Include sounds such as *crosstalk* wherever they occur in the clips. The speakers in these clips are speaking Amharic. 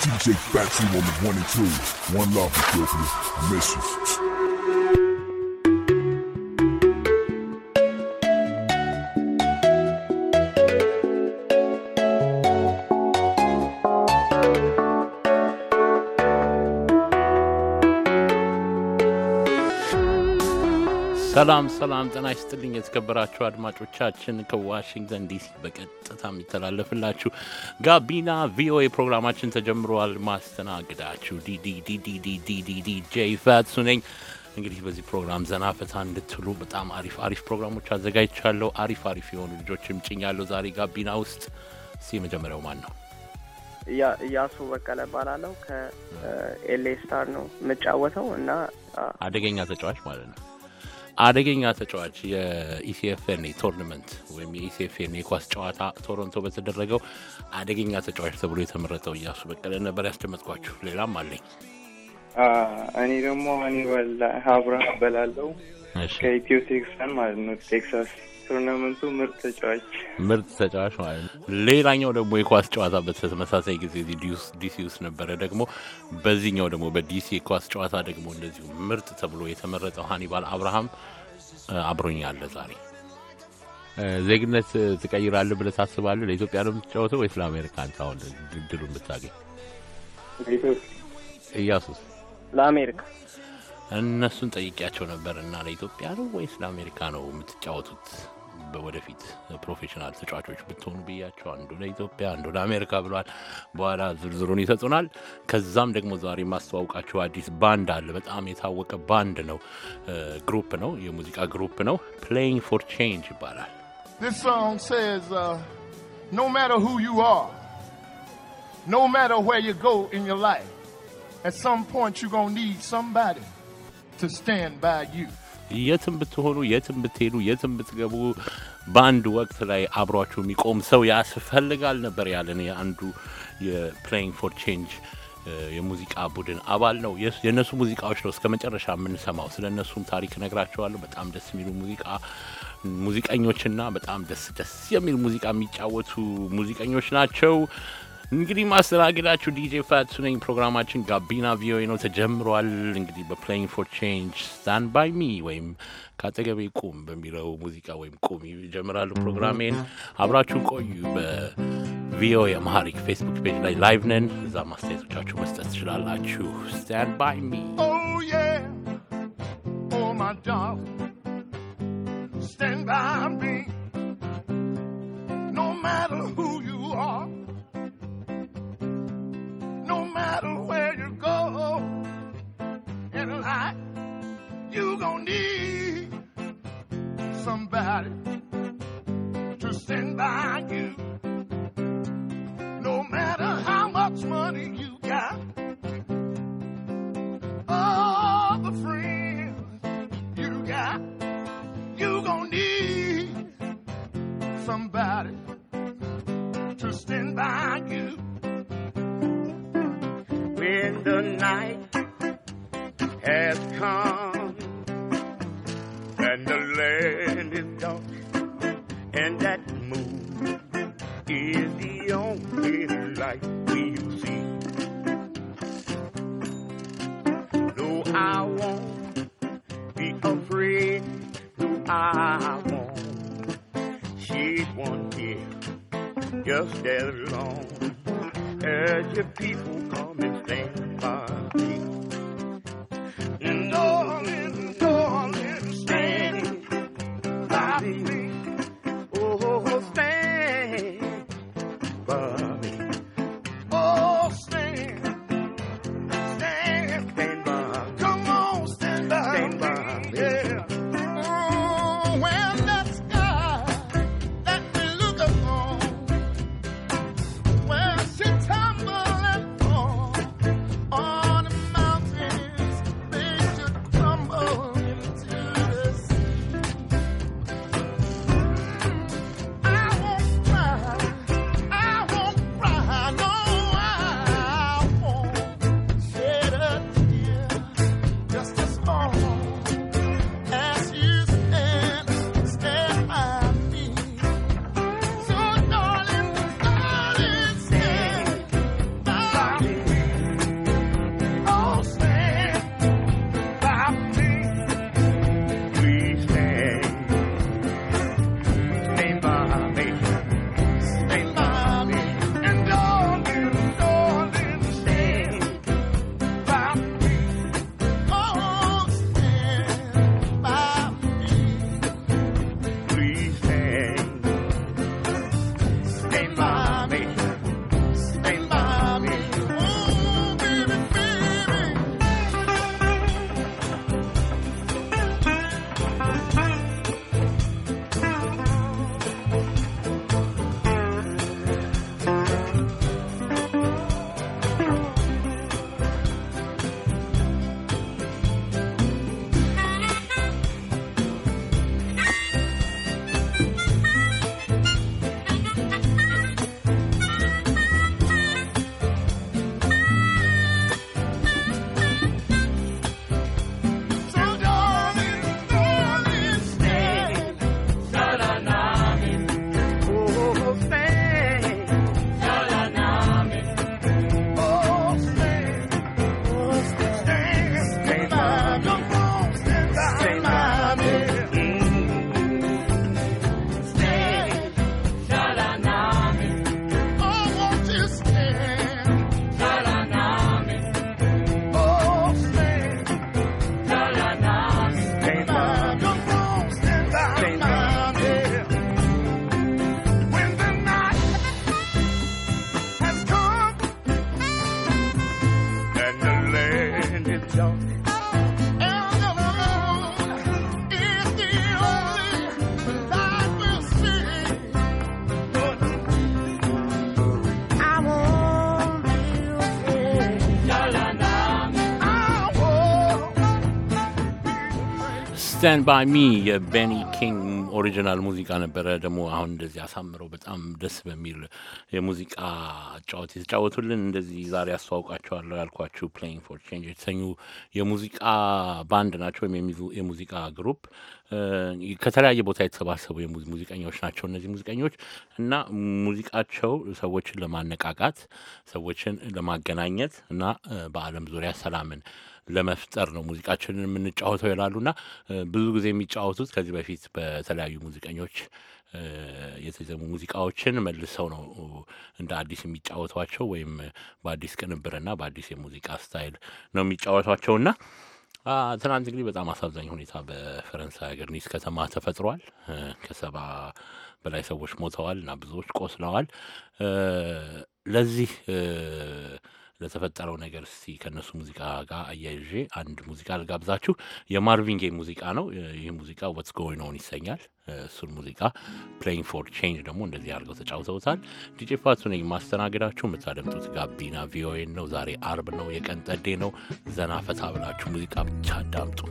DJ Factory on the one and two. One love, you, I miss you. ሰላም ሰላም፣ ጤና ይስጥልኝ የተከበራችሁ አድማጮቻችን ከዋሽንግተን ዲሲ በቀጥታ የሚተላለፍላችሁ ጋቢና ቪኦኤ ፕሮግራማችን ተጀምሯል። ማስተናግዳችሁ ዲዲዲዲዲዲዲጄ ፋትሱ ነኝ። እንግዲህ በዚህ ፕሮግራም ዘና ፈታ እንድትሉ በጣም አሪፍ አሪፍ ፕሮግራሞች አዘጋጅቻለሁ። አሪፍ አሪፍ የሆኑ ልጆችም ጭኛለሁ ዛሬ ጋቢና ውስጥ። እስኪ የመጀመሪያው ማን ነው? እያሱ በቀለ እባላለሁ። ከኤሌ ስታር ነው የምጫወተው እና አደገኛ ተጫዋች ማለት ነው አደገኛ ተጫዋች የኢሲኤፍኤን ቶርናመንት ወይም የኢሲኤፍኤን የኳስ ጨዋታ ቶሮንቶ በተደረገው አደገኛ ተጫዋች ተብሎ የተመረጠው እያሱ በቀለ ነበር ያስደመጥኳችሁ። ሌላም አለኝ። እኔ ደግሞ አኒበል አብርሃ እበላለሁ ከኢትዮ ቴክሳን ማለት ነው ቴክሳስ ቱርናመንቱ ምርጥ ተጫዋች ምርጥ ተጫዋች ማለት ነው። ሌላኛው ደግሞ የኳስ ጨዋታ በተመሳሳይ ጊዜ ዲሲ ውስጥ ነበረ። ደግሞ በዚህኛው ደግሞ በዲሲ የኳስ ጨዋታ ደግሞ እንደዚሁ ምርጥ ተብሎ የተመረጠው ሀኒባል አብርሃም አብሮኛለ። ዛሬ ዜግነት ትቀይራለህ ብለህ ታስባለህ? ለኢትዮጵያ ነው የምትጫወተው ወይስ ለአሜሪካ? አንተ አሁን ድሉን ብታገኝ እያሱስ ለአሜሪካ እነሱን ጠይቂያቸው ነበር እና ለኢትዮጵያ ነው ወይስ ለአሜሪካ ነው የምትጫወቱት? ወደፊት ፕሮፌሽናል ተጫዋቾች ብትሆኑ ብያቸው አንዱ ለኢትዮጵያ አንዱ ለአሜሪካ ብሏል። በኋላ ዝርዝሩን ይሰጡናል። ከዛም ደግሞ ዛሬ ማስተዋወቃቸው አዲስ ባንድ አለ። በጣም የታወቀ ባንድ ነው፣ ግሩፕ ነው፣ የሙዚቃ ግሩፕ ነው። ፕሌይንግ ፎር ቼንጅ ይባላል። This song says, uh, no matter who you are, no matter where you go in your life, at some point you're going to need somebody to stand by you. የትም ብትሆኑ፣ የትም ብትሄዱ፣ የትም ብትገቡ በአንድ ወቅት ላይ አብሯችሁ የሚቆም ሰው ያስፈልጋል ነበር ያለን የአንዱ የፕሌይንግ ፎር ቼንጅ የሙዚቃ ቡድን አባል ነው። የእነሱ ሙዚቃዎች ነው እስከ መጨረሻ የምንሰማው። ስለ እነሱም ታሪክ እነግራቸዋለሁ። በጣም ደስ የሚሉ ሙዚቃ ሙዚቀኞችና በጣም ደስ ደስ የሚል ሙዚቃ የሚጫወቱ ሙዚቀኞች ናቸው። እንግዲህ ማስተናገዳችሁ ዲጄ ፋትሱ ነኝ። ፕሮግራማችን ጋቢና ቪኦኤ ነው ተጀምሯል። እንግዲህ በፕሌይንግ ፎር ቼንጅ ስታንድ ባይ ሚ ወይም ከአጠገቤ ቁም በሚለው ሙዚቃ ወይም ቁም ይጀምራሉ ፕሮግራሜን። አብራችሁን ቆዩ። በቪኦኤ አማሃሪክ ፌስቡክ ፔጅ ላይ ላይቭ ነን። እዛ ማስተያየቶቻችሁ መስጠት ትችላላችሁ። ስታንድ ባይ ሚ oh, oh, Stand by me, no matter who you are. matter where you go in life, you gonna need somebody to stand by you. No matter how much money you ስታንድ ባይ ሚ የቤኒ ኪንግ ኦሪጂናል ሙዚቃ ነበረ። ደግሞ አሁን እንደዚህ አሳምረው በጣም ደስ በሚል የሙዚቃ ጫወት የተጫወቱልን እንደዚህ ዛሬ አስተዋውቃቸዋለሁ ያልኳችሁ ፕሌይንግ ፎር ቼንጅ የተሰኙ የሙዚቃ ባንድ ናቸው ወይም የሙዚቃ ግሩፕ ከተለያየ ቦታ የተሰባሰቡ ሙዚቀኞች ናቸው። እነዚህ ሙዚቀኞች እና ሙዚቃቸው ሰዎችን ለማነቃቃት፣ ሰዎችን ለማገናኘት እና በዓለም ዙሪያ ሰላምን ለመፍጠር ነው ሙዚቃችንን የምንጫወተው ይላሉና ብዙ ጊዜ የሚጫወቱት ከዚህ በፊት በተለያዩ ሙዚቀኞች የተዘሙ ሙዚቃዎችን መልሰው ነው እንደ አዲስ የሚጫወቷቸው ወይም በአዲስ ቅንብርና በአዲስ የሙዚቃ ስታይል ነው የሚጫወቷቸውና ትናንት እንግዲህ በጣም አሳዛኝ ሁኔታ በፈረንሳይ ሀገር ኒስ ከተማ ተፈጥሯል። ከሰባ በላይ ሰዎች ሞተዋል እና ብዙዎች ቆስለዋል። ለዚህ ለተፈጠረው ነገር እስቲ ከእነሱ ሙዚቃ ጋር አያይዤ አንድ ሙዚቃ ልጋብዛችሁ። የማርቪን ሙዚቃ ነው። ይህ ሙዚቃ ወትስ ጎይንግ ኦን ይሰኛል። እሱን ሙዚቃ ፕሌይንግ ፎር ቼንጅ ደግሞ እንደዚህ አድርገው ተጫውተውታል። ዲጄ ፋቱ ነኝ ማስተናገዳችሁ። የምታደምጡት ጋቢና ቪኦኤን ነው። ዛሬ አርብ ነው፣ የቀን ጠዴ ነው። ዘና ፈታ ብላችሁ ሙዚቃ ብቻ አዳምጡ።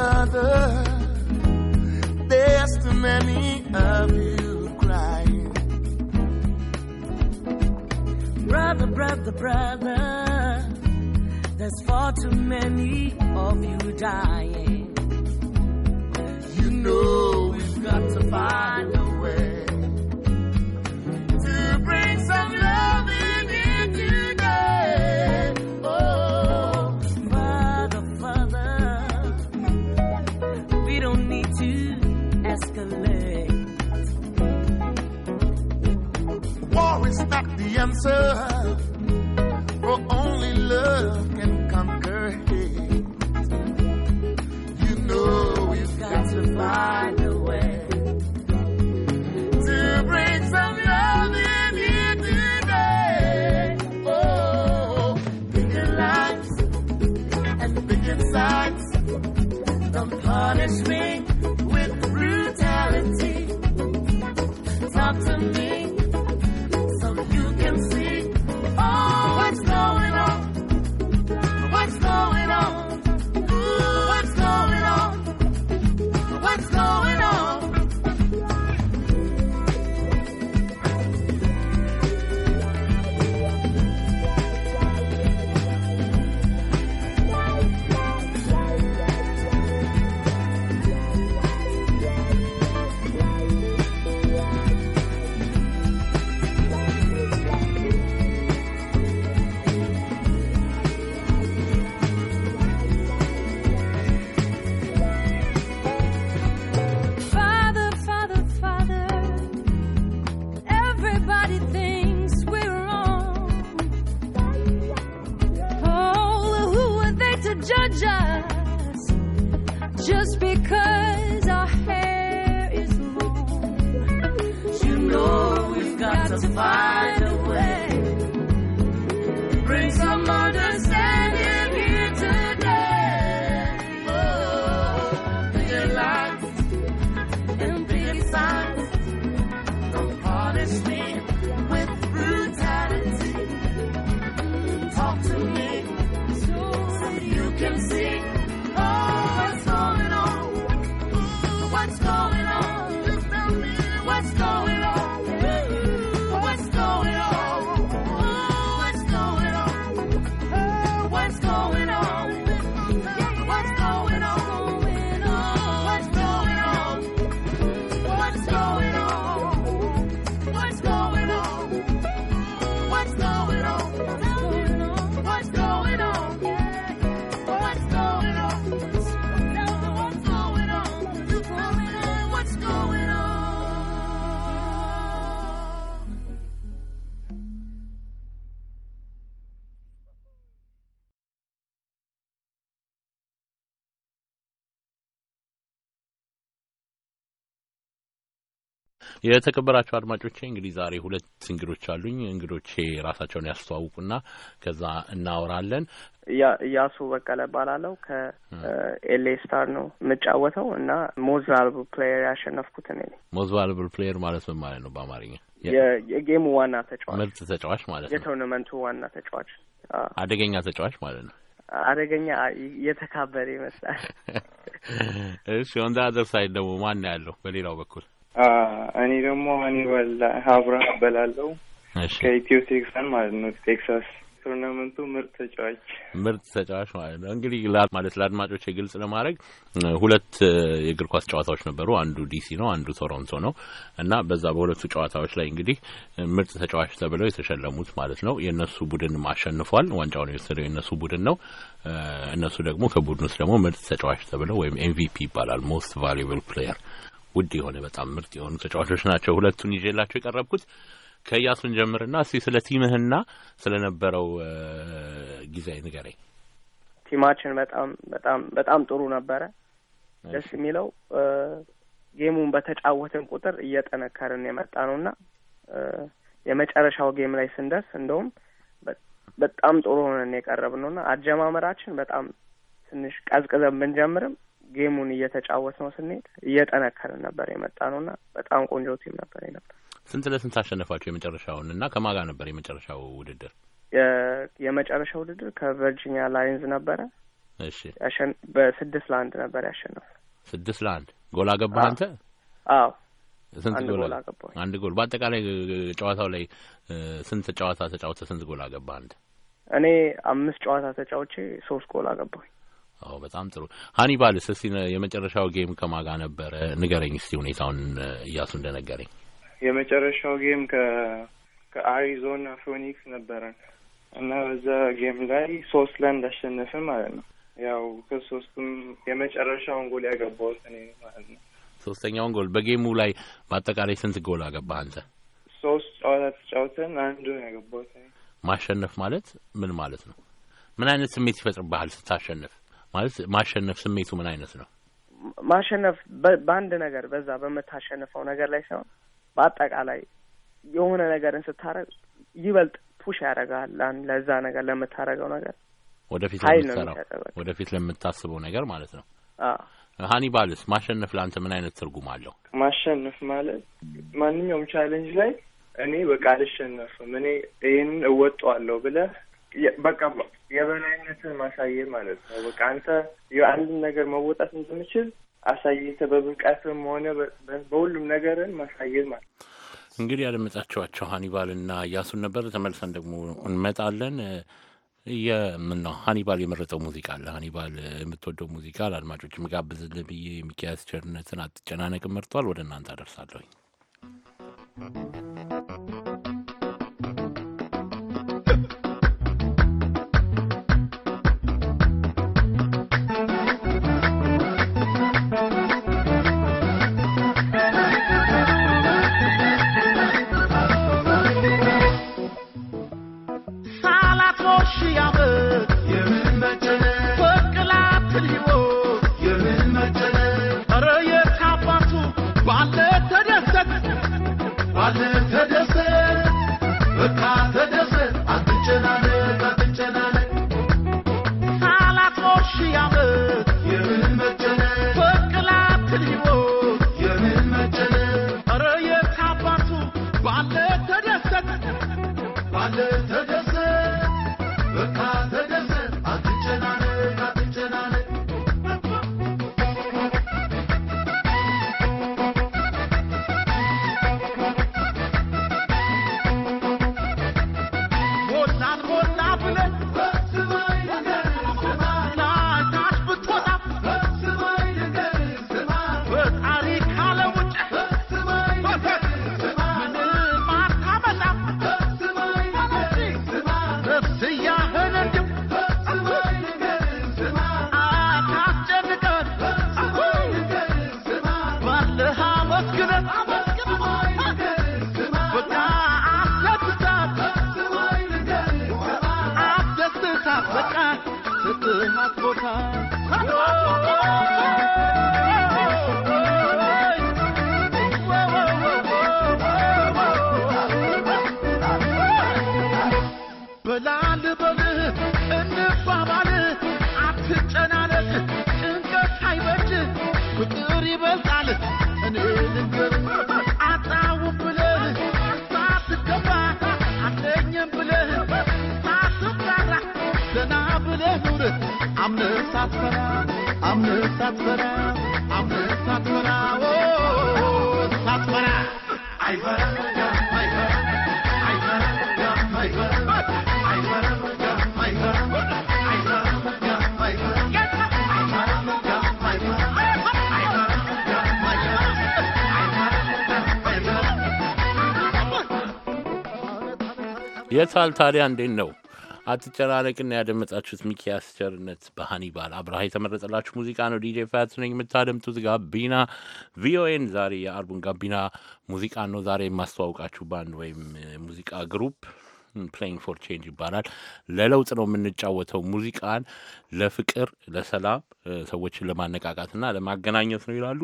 mother many of you crying. Brother, brother, brother, there's far too many of you dying. You know we've got to find a way. myself. For only love can conquer hate. You know we've got to find a way to bring some love in here today. Oh, bigger and bigger Don't punish me. የተከበራቸው አድማጮቼ እንግዲህ ዛሬ ሁለት እንግዶች አሉኝ። እንግዶቼ ራሳቸውን ያስተዋውቁና ከዛ እናወራለን። እያሱ በቀለ ባላለው ከኤሌ ስታር ነው የምጫወተው እና ሞዝ ቫሉብል ፕሌየር ያሸነፍኩት እኔ ነኝ። ሞዝ ቫሉብል ፕሌየር ማለት ምን ማለት ነው በአማርኛ? የጌሙ ዋና ተጫዋች፣ ምርጥ ተጫዋች ማለት ነው። የቶርናመንቱ ዋና ተጫዋች፣ አደገኛ ተጫዋች ማለት ነው። አደገኛ የተካበረ ይመስላል። *laughs* እሺ፣ ኦን ዘ አዘር ሳይድ ደግሞ ማን ያለው በሌላው በኩል? እኔ ደግሞ ሀኒባል ሀብራ እበላለሁ ከኢትዮ ቴክሳን ማለት ነው ቴክሳስ ቱርናመንቱ ምርጥ ተጫዋች ምርጥ ተጫዋች ማለት ነው። እንግዲህ ማለት ለአድማጮች ግልጽ ለማድረግ ሁለት የእግር ኳስ ጨዋታዎች ነበሩ። አንዱ ዲሲ ነው፣ አንዱ ቶሮንቶ ነው እና በዛ በሁለቱ ጨዋታዎች ላይ እንግዲህ ምርጥ ተጫዋች ተብለው የተሸለሙት ማለት ነው የእነሱ ቡድን አሸንፏል። ዋንጫውን የወሰደው የእነሱ ቡድን ነው። እነሱ ደግሞ ከቡድን ውስጥ ደግሞ ምርጥ ተጫዋች ተብለው ወይም ኤምቪፒ ይባላል ሞስት ቫሉብል ፕሌየር ውድ የሆነ በጣም ምርጥ የሆኑ ተጫዋቾች ናቸው። ሁለቱን ይዤላቸው የቀረብኩት ከያሱን ጀምርና እስቲ ስለ ቲምህና ነበረው ጊዜ ንገረኝ። ቲማችን በጣም በጣም በጣም ጥሩ ነበረ። ደስ የሚለው ጌሙን በተጫወትን ቁጥር እየጠነከርን የመጣ ነው እና የመጨረሻው ጌም ላይ ስንደርስ እንደውም በጣም ጥሩ ሆነን የቀረብ ነው እና አጀማመራችን በጣም ትንሽ ቀዝቅዘን ብንጀምርም ጌሙን እየተጫወት ነው ስንሄድ እየጠነከርን ነበር የመጣ ነው እና በጣም ቆንጆ ቲም ነበር ነበር። ስንት ለስንት አሸነፋቸው የመጨረሻውን እና ከማጋ ነበር የመጨረሻው ውድድር? የመጨረሻ ውድድር ከቨርጂኒያ ላይንዝ ነበረ። እሺ በስድስት ለአንድ ነበር ያሸነፍ። ስድስት ለአንድ ጎል አገባህ አንተ? አዎ ስንት ጎል አገባ? አንድ ጎል። በአጠቃላይ ጨዋታው ላይ ስንት ጨዋታ ተጫወተ ስንት ጎል አገባህ አንተ? እኔ አምስት ጨዋታ ተጫውቼ ሶስት ጎል አገባኝ። አዎ በጣም ጥሩ ሀኒባልስ እስቲ የመጨረሻው ጌም ከማጋ ነበረ ንገረኝ እስቲ ሁኔታውን እያሱ እንደነገረኝ የመጨረሻው ጌም ከ ከአሪዞና ፎኒክስ ነበረን እና በዛ ጌም ላይ ሶስት ላይ እንዳሸነፍ ማለት ነው ያው ከሶስቱም የመጨረሻውን ጎል ያገባሁት እኔ ማለት ነው ሶስተኛውን ጎል በጌሙ ላይ በአጠቃላይ ስንት ጎል አገባህ አንተ ሶስት ጨዋታ ተጫውተን አንዱ ያገባሁት ማሸነፍ ማለት ምን ማለት ነው ምን አይነት ስሜት ይፈጥርብሃል ስታሸንፍ ማለት ማሸነፍ ስሜቱ ምን አይነት ነው? ማሸነፍ በአንድ ነገር በዛ በምታሸንፈው ነገር ላይ ሳይሆን በአጠቃላይ የሆነ ነገርን ስታረግ ይበልጥ ፑሽ ያደርጋል ለዛ ነገር ለምታረገው ነገር ወደፊት ለምትሰራው ወደፊት ለምታስበው ነገር ማለት ነው። ሀኒባልስ ማሸነፍ ለአንተ ምን አይነት ትርጉም አለው? ማሸነፍ ማለት ማንኛውም ቻሌንጅ ላይ እኔ በቃ አልሸነፍም እኔ ይህንን እወጣዋለሁ ብለህ በቃ የበላይነትን ማሳየት ማለት ነው። በቃ አንተ የአንድን ነገር መወጣት እንደምችል አሳይተ በብቃትም ሆነ በሁሉም ነገርን ማሳየት ማለት ነው። እንግዲህ ያደመጣችኋቸው ሀኒባልና እያሱን ነበር። ተመልሰን ደግሞ እንመጣለን። የምና ሀኒባል የመረጠው ሙዚቃ አለ። ሀኒባል የምትወደው ሙዚቃ ለአድማጮች የምጋብዝልህ ብዬ የሚኪያስ ቸርነትን አትጨናነቅ መርጧል። ወደ እናንተ አደርሳለሁኝ። የታል ታዲያ እንዴት ነው አትጨናነቅና ያደመጣችሁት ሚኪያስ ቸርነት በሃኒባል አብርሃ የተመረጠላችሁ ሙዚቃ ነው። ዲጄ ፋያት ነኝ። የምታደምጡት ጋቢና ቪኦኤን ዛሬ የአርቡን ጋቢና ሙዚቃ ነው ዛሬ የማስተዋውቃችሁ ባንድ ወይም ሙዚቃ ግሩፕ ፕሌይንግ ፎር ቼንጅ ይባላል። ለለውጥ ነው የምንጫወተው ሙዚቃን ለፍቅር፣ ለሰላም፣ ሰዎችን ለማነቃቃትና ለማገናኘት ነው ይላሉ።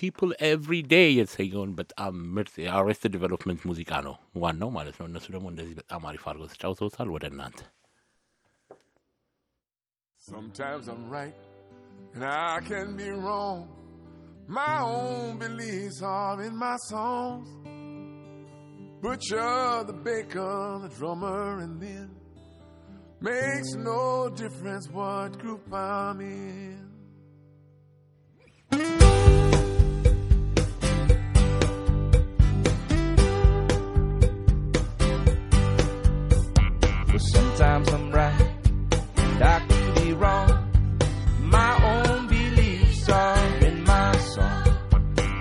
ፒፕል ኤቭሪ ዴይ የተሰኘውን በጣም ምርጥ የአሬስት ዲቨሎፕመንት ሙዚቃ ነው ዋናው ማለት ነው። እነሱ ደግሞ እንደዚህ በጣም አሪፍ አድርገው ተጫውተውታል። ወደ እናንተ Sometimes I'm right and I can be wrong. My own beliefs are in my songs butcher, the baker, the drummer, and then makes no difference what group I'm in. Well, sometimes I'm right, and I can be wrong. My own beliefs are in my song.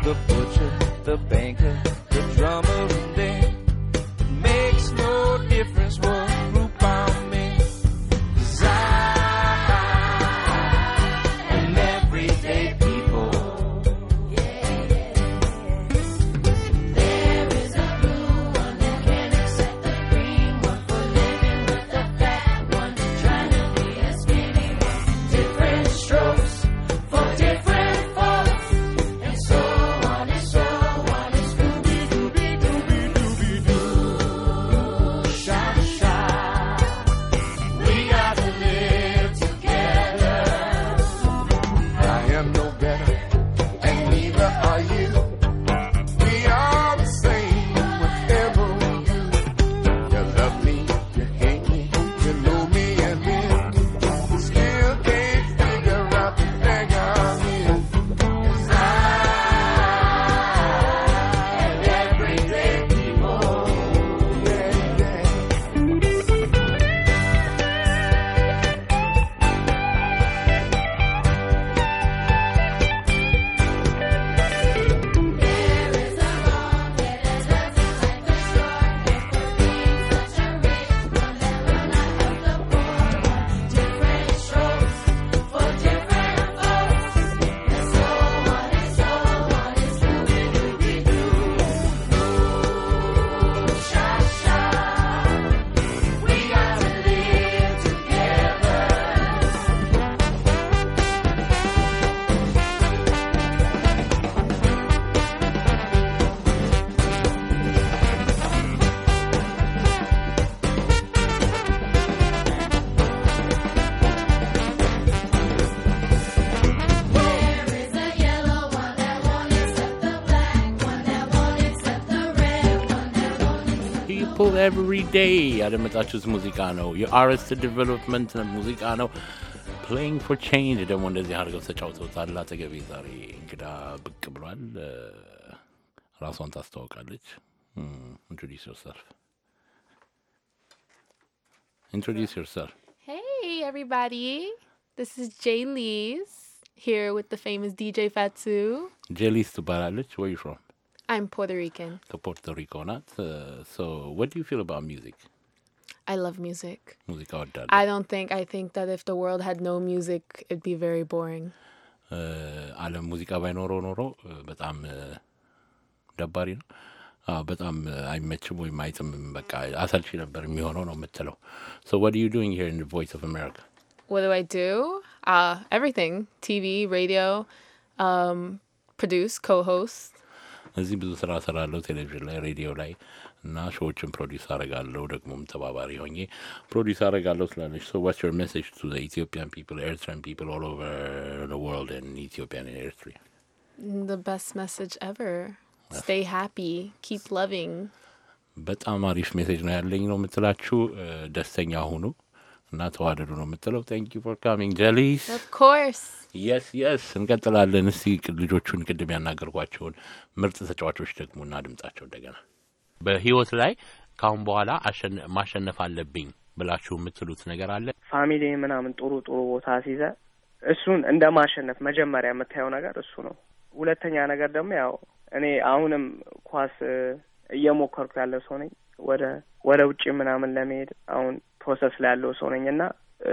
The butcher, the banker today at Metatus Musicano. Your artist development and Musicano playing for change. I don't want to have to search out the Lata Gavizari, Grab Cabral, Rasanta Stock, Alice. Introduce yourself. Introduce yourself. Hey, everybody. This is Jay Lees here with the famous DJ Fatsu. Jay Lees to Baralich, where are you from? I'm Puerto Rican. So Puerto uh, so. What do you feel about music? I love music. Music all done. I don't think. I think that if the world had no music, it'd be very boring. ዓለም ሙዚቃ ባይኖሮ ኖሮ በጣም ደባሪ ነው። በጣም አይመችም ወይም አይጥምም። በቃ አሰልቺ ነበር የሚሆነው ነው የምትለው። ሶ ዋት ዩ ዱይንግ ሂር ኢን ቮይስ ኦፍ አሜሪካ? What do I do? Uh, everything. TV, radio, um, produce, co-host. እዚህ ብዙ ስራ እሰራለሁ፣ ቴሌቪዥን ላይ፣ ሬዲዮ ላይ እና ሾዎችን ፕሮዲስ አረጋለሁ። ደግሞም ተባባሪ ሆኜ ፕሮዲስ አረጋለሁ ትላለች። ሶ ዋትስ ዮር ሜሴጅ ቱ ዘ ኢትዮጵያን ፒፕል ኤርትራን ፒፕል ኦል ኦቨር ዘ ወርልድ ን ኢትዮጵያን ን ኤርትራ The best message ever. Stay happy. Keep loving. በጣም አሪፍ ሜሴጅ ነው ያለኝ ነው የምትላችሁ። ደስተኛ ሁኑ። እና ተዋደዱ ነው የምትለው። ታንክ ዩ ፎር ካሚንግ ጀሊስ ኮርስ የስ የስ። እንቀጥላለን። እስቲ ልጆቹን ቅድም ያናገርኳቸውን ምርጥ ተጫዋቾች ደግሞ እና ድምጻቸው እንደገና በህይወት ላይ ካሁን በኋላ ማሸነፍ አለብኝ ብላችሁ የምትሉት ነገር አለ? ፋሚሊ ምናምን ጥሩ ጥሩ ቦታ ሲይዘ እሱን እንደ ማሸነፍ መጀመሪያ የምታየው ነገር እሱ ነው። ሁለተኛ ነገር ደግሞ ያው እኔ አሁንም ኳስ እየሞከርኩ ያለ ሰው ነኝ። ወደ ወደ ውጭ ምናምን ለመሄድ አሁን ፕሮሰስ ላይ ያለው ሰው ነኝ እና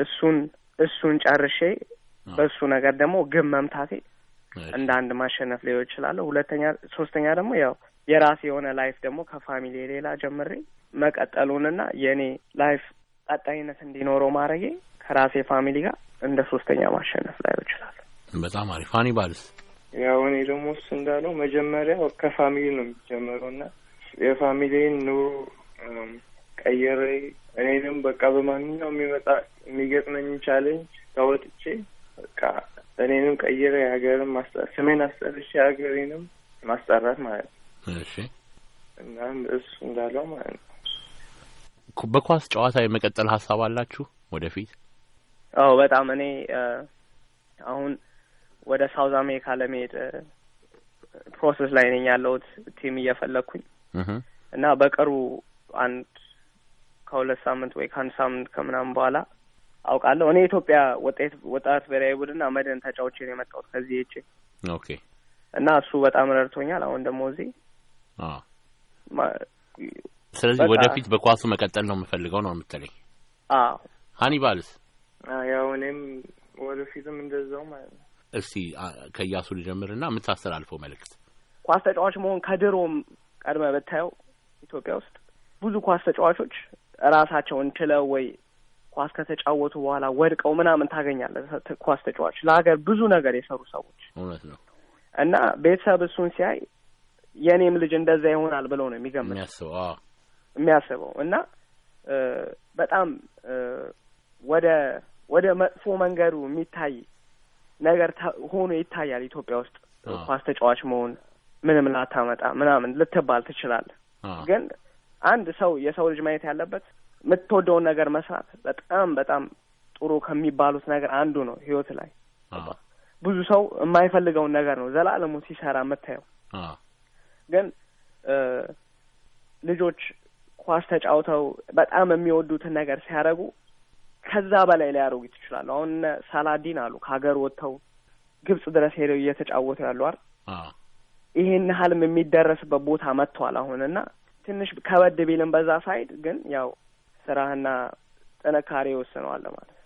እሱን እሱን ጨርሼ በእሱ ነገር ደግሞ ግን መምታቴ እንደ አንድ ማሸነፍ ሊሆ ይችላለሁ። ሁለተኛ ሶስተኛ ደግሞ ያው የራሴ የሆነ ላይፍ ደግሞ ከፋሚሊ ሌላ ጀምሬ መቀጠሉንና የእኔ ላይፍ ቀጣይነት እንዲኖረው ማድረጌ ከራሴ ፋሚሊ ጋር እንደ ሶስተኛ ማሸነፍ ላይ ይችላል። በጣም አሪፍ ፋኒ ባልስ። ያው እኔ ደግሞ እሱ እንዳለው መጀመሪያ ከፋሚሊ ነው የሚጀመረው እና የፋሚሊን ኑሮ ቀየሬ እኔንም በቃ በማንኛውም የሚመጣ የሚገጥመኝ ቻለኝ ተወጥቼ በቃ እኔንም ቀይረ የሀገርም ማስጠር ስሜን አስጠርቼ ሀገሬንም ማስጠራት ማለት ነው። እሺ እናም እሱ እንዳለው ማለት ነው። በኳስ ጨዋታ የመቀጠል ሀሳብ አላችሁ ወደፊት? አዎ በጣም እኔ አሁን ወደ ሳውዝ አሜሪካ ለመሄድ ፕሮሰስ ላይ ነኝ ያለሁት ቲም እየፈለግኩኝ እና በቅርቡ አንድ ከሁለት ሳምንት ወይ ከአንድ ሳምንት ከምናምን በኋላ አውቃለሁ። እኔ ኢትዮጵያ ወጣት ወጣት ብሔራዊ ቡድን አመደን ተጫዎች ነው የመጣሁት ከዚህ ች ኦኬ። እና እሱ በጣም ረድቶኛል። አሁን ደግሞ እዚህ ስለዚህ ወደፊት በኳሱ መቀጠል ነው የምፈልገው ነው የምትለኝ? ሀኒባልስ ያው እኔም ወደፊትም እንደዛው ማለት ነው። እስቲ ከእያሱ ልጀምርና የምታስተላልፈው መልእክት ኳስ ተጫዋች መሆን ከድሮም ቀድመ ብታየው ኢትዮጵያ ውስጥ ብዙ ኳስ ተጫዋቾች ራሳቸውን ችለው ወይ ኳስ ከተጫወቱ በኋላ ወድቀው ምናምን ታገኛለህ። ኳስ ተጫዋች ለሀገር ብዙ ነገር የሰሩ ሰዎች እውነት ነው እና ቤተሰብ እሱን ሲያይ የእኔም ልጅ እንደዛ ይሆናል ብለው ነው የሚገምት የሚያስበው እና በጣም ወደ ወደ መጥፎ መንገዱ የሚታይ ነገር ሆኖ ይታያል። ኢትዮጵያ ውስጥ ኳስ ተጫዋች መሆን ምንም ላታመጣ ምናምን ልትባል ትችላለህ ግን አንድ ሰው የሰው ልጅ ማየት ያለበት የምትወደውን ነገር መስራት በጣም በጣም ጥሩ ከሚባሉት ነገር አንዱ ነው። ህይወት ላይ ብዙ ሰው የማይፈልገውን ነገር ነው ዘላለሙ ሲሰራ የምታየው። ግን ልጆች ኳስ ተጫውተው በጣም የሚወዱትን ነገር ሲያደርጉ ከዛ በላይ ሊያደርጉት ይችላሉ። አሁን ሳላዲን አሉ ከሀገር ወጥተው ግብጽ ድረስ ሄደው እየተጫወቱ ያሉ አይደል? ይሄን ያህልም የሚደረስበት ቦታ መጥቷል አሁን እና ትንሽ ከበድ ቢልም በዛ ሳይድ ግን ያው ስራህና ጥንካሬ ይወስነዋል ማለት ነው።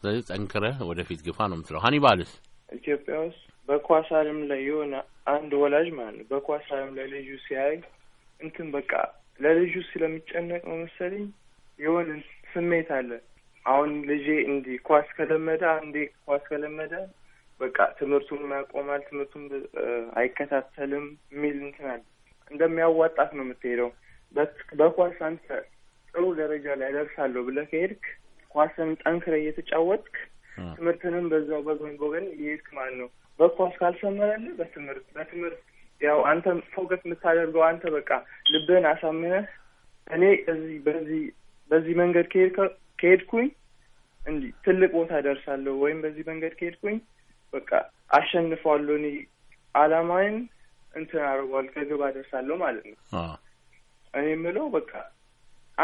ስለዚህ ጠንክረህ ወደፊት ግፋ ነው የምትለው። ሀኒባልስ ኢትዮጵያ ውስጥ በኳስ ዓለም ላይ የሆነ አንድ ወላጅ ማለት ነው በኳስ ዓለም ላይ ልጁ ሲያይ እንትን በቃ ለልጁ ስለሚጨነቅ ነው መሰለኝ የሆነ ስሜት አለ። አሁን ልጄ እንዲህ ኳስ ከለመደ አንዴ ኳስ ከለመደ በቃ ትምህርቱን ያቆማል፣ ትምህርቱን አይከታተልም የሚል እንትን አለ። እንደሚያዋጣት ነው የምትሄደው። በኳስ አንተ ጥሩ ደረጃ ላይ ደርሳለሁ ብለህ ከሄድክ ኳስን ጠንክረ እየተጫወትክ ትምህርትንም በዛው በጎን በጎን እየሄድክ ማለት ነው። በኳስ ካልሰመረልህ በትምህርት በትምህርት ያው አንተ ፎከስ የምታደርገው አንተ በቃ ልብህን አሳምነህ እኔ እዚህ በዚህ በዚህ መንገድ ከሄድኩኝ እንዲህ ትልቅ ቦታ ደርሳለሁ ወይም በዚህ መንገድ ከሄድኩኝ በቃ አሸንፏለሁ እኔ አላማዬን እንትን አድርጓል ከግብ አደርሳለሁ ማለት ነው። እኔ የምለው በቃ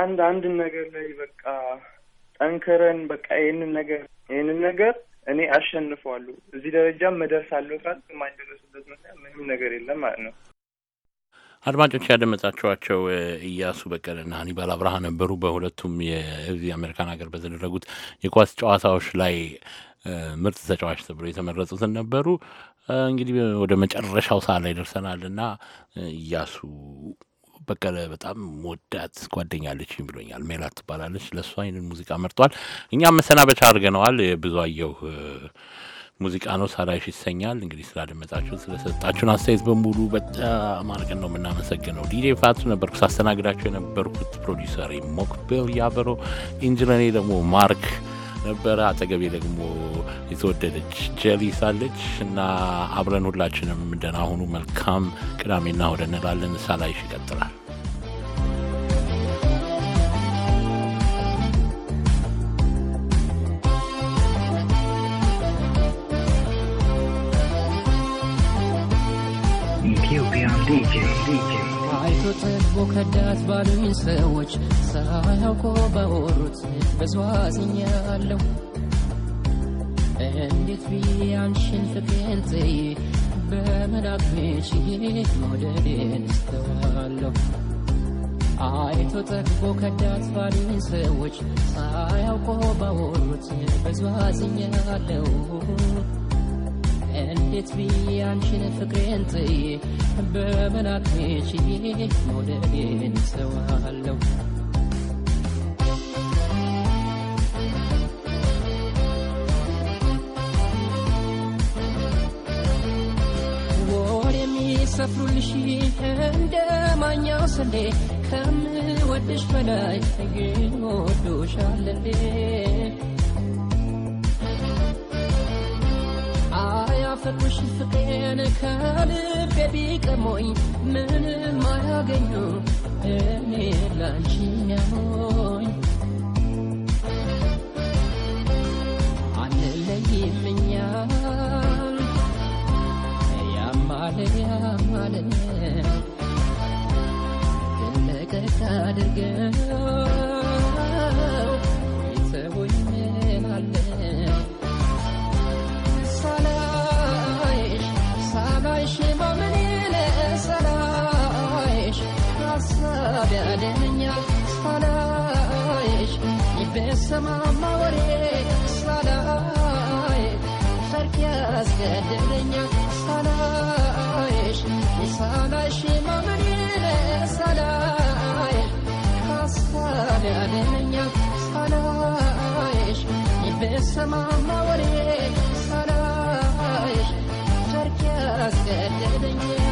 አንድ አንድን ነገር ላይ በቃ ጠንክረን በቃ ይህንን ነገር ይህንን ነገር እኔ አሸንፈዋለሁ እዚህ ደረጃ መደርሳለሁ ካል የማይደረስበት ምክንያት ምንም ነገር የለም ማለት ነው። አድማጮች ያደመጣችኋቸው እያሱ በቀለና ሀኒባል አብርሃ ነበሩ። በሁለቱም የዚህ አሜሪካን ሀገር በተደረጉት የኳስ ጨዋታዎች ላይ ምርጥ ተጫዋች ተብሎ የተመረጡትን ነበሩ። እንግዲህ ወደ መጨረሻው ሰዓት ላይ ደርሰናል እና እያሱ በቀለ በጣም ወዳት ጓደኛለች ብሎኛል። ሜላት ትባላለች። ለእሷ ይህንን ሙዚቃ መርጧል። እኛም መሰናበቻ አድርገነዋል። ብዙ አየው ሙዚቃ ነው ሳላይሽ ይሰኛል። እንግዲህ ስላደመጣችሁን ስለሰጣችሁን አስተያየት በሙሉ በጣም አድርገን ነው የምናመሰግነው። ዲጄ ፋቱ ነበርኩ ሳስተናግዳቸው የነበርኩት ፕሮዲሰር ሞክቤል ያበሮ፣ ኢንጂነሬ ደግሞ ማርክ ነበረ። አጠገቤ ደግሞ የተወደደች ጀሊስ አለች እና አብረን ሁላችንም ደህና ሁኑ። መልካም ቅዳሜና እሁድ እንላለን። ሳላይሽ ይቀጥላል። ኢትዮጵያ ጠልፎ ከዳት ባሉኝ ሰዎች ሳያውቁ ባወሩት በዝዋዝኛለሁ እንዴት ቢያንሽን ፍቅን ፍቅሬን ጥዬ በመላክሜ ችዬ መውደዴን እስተዋለሁ። አይቶ ጠግቦ ከዳት ባሉኝ ሰዎች ሳያውቆ ባወሩት በዝዋዝኛለሁ እንዴት ብዬ አንቺን ፍቅሬን ጥዬ በመላቴ ችዬ መውደዴን ሰዋለሁ። ወር የሚሰፍሩልሽ እንደ ማኛው ስንዴ ከምወድሽ በላይ ግን ወዶሻል ናፈቁሽ ፍቅሬን ከልቤ ቢቀሞኝ ምንም አያገኙ እኔ ላንቺኛሆኝ አንለይም እኛ ያማለ ያማለ ለቀቅ አድርገን Salah,